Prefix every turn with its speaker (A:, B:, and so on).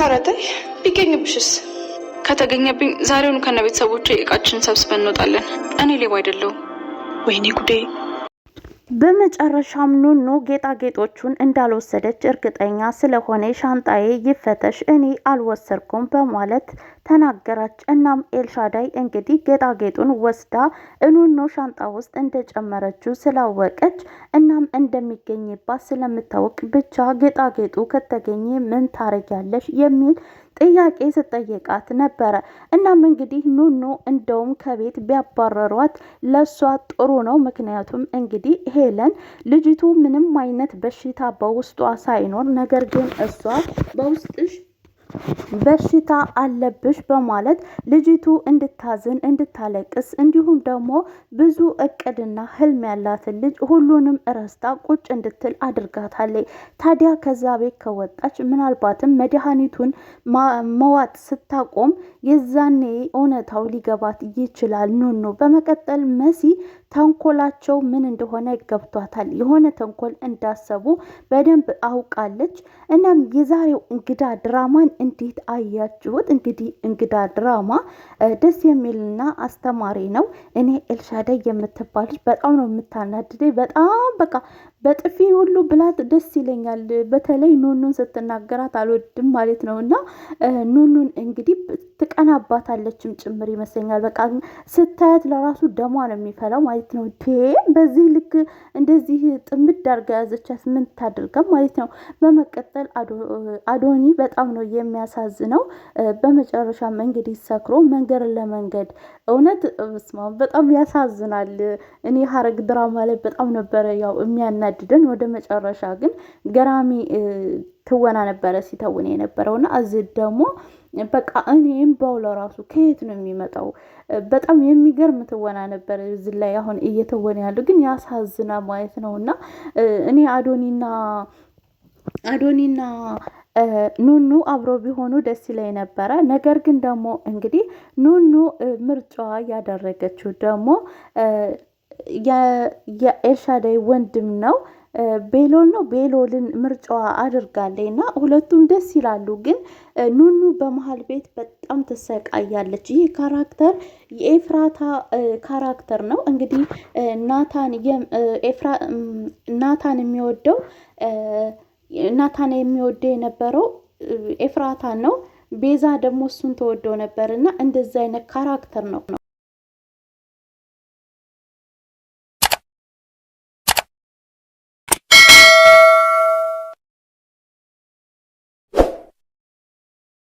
A: ኧረ ተይ ቢገኝብሽስ?
B: ከተገኘብኝ ዛሬውን ከነ ቤተሰቦች እቃችን ሰብስበን እንወጣለን። እኔ ሌባ አይደለሁም።
A: ወይኔ ጉዴ
C: በመጨረሻም ኑኑ ጌጣጌጦቹን እንዳልወሰደች እርግጠኛ ስለሆነ ሻንጣዬ ይፈተሽ እኔ አልወሰድኩም በማለት ተናገራች። እናም ኤልሻዳይ እንግዲህ ጌጣጌጡን ወስዳ እኑኑ ሻንጣ ውስጥ እንደጨመረችው ስላወቀች እናም እንደሚገኝባት ስለምታወቅ ብቻ ጌጣጌጡ ከተገኘ ምን ታረጊያለሽ የሚል ጥያቄ ስጠየቃት ነበረ። እናም እንግዲህ ኑኑ እንደውም ከቤት ቢያባረሯት ለእሷ ጥሩ ነው። ምክንያቱም እንግዲህ ሄለን ልጅቱ ምንም አይነት በሽታ በውስጧ ሳይኖር ነገር ግን እሷ በውስጥሽ በሽታ አለብሽ በማለት ልጅቱ እንድታዝን እንድታለቅስ እንዲሁም ደግሞ ብዙ እቅድና ህልም ያላትን ልጅ ሁሉንም እረስታ ቁጭ እንድትል አድርጋታለች። ታዲያ ከዛ ቤት ከወጣች ምናልባትም መድኃኒቱን መዋጥ ስታቆም የዛኔ እውነታው ሊገባት ይችላል። ኑኑ በመቀጠል መሲ ተንኮላቸው ምን እንደሆነ ገብቷታል። የሆነ ተንኮል እንዳሰቡ በደንብ አውቃለች። እናም የዛሬው እንግዳ ድራማን እንዴት አያችሁት? እንግዲህ እንግዳ ድራማ ደስ የሚልና አስተማሪ ነው። እኔ ኤልሻዳይ የምትባል ልጅ በጣም ነው የምታናድደኝ። በጣም በቃ በጥፊ ሁሉ ብላት ደስ ይለኛል። በተለይ ኑኑን ስትናገራት አልወድም ማለት ነው። እና ኑኑን እንግዲህ ትቀናባታለችም ጭምር ይመስለኛል። በቃ ስታያት ለራሱ ደሟ ነው የሚፈላው ማለት ነው። በዚህ ልክ እንደዚህ ጥምድ አድርጋ ያዘቻት ምን ታደርገም ማለት ነው። በመቀጠል አዶኒ በጣም ነው የሚያሳዝነው በመጨረሻም እንግዲህ ሰክሮ መንገድ ለመንገድ እውነት ስማ በጣም ያሳዝናል። እኔ ሀረግ ድራማ ላይ በጣም ነበረ ያው የሚያናድደን፣ ወደ መጨረሻ ግን ገራሚ ትወና ነበረ ሲተውን የነበረው የነበረውና እዚህ ደግሞ በቃ እኔም በውለ ራሱ ከየት ነው የሚመጣው? በጣም የሚገርም ትወና ነበር እዚ ላይ አሁን እየተወነ ያሉ ግን ያሳዝና ማየት ነው እና እኔ አዶኒና አዶኒና ኑኑ አብሮ ቢሆኑ ደስ ይለኝ ነበረ። ነገር ግን ደግሞ እንግዲህ ኑኑ ምርጫዋ ያደረገችው ደግሞ የኤልሻዳይ ወንድም ነው ቤሎል ነው። ቤሎልን ምርጫዋ አድርጋለች እና ሁለቱም ደስ ይላሉ። ግን ኑኑ በመሀል ቤት በጣም ትሰቃያለች። ይህ ካራክተር የኤፍራታ ካራክተር ነው። እንግዲህ ናታን ናታን የሚወደው ናታን የሚወደው የነበረው ኤፍራታን ነው። ቤዛ ደግሞ እሱን ተወደው ነበር እና እንደዚህ አይነት ካራክተር ነው ነው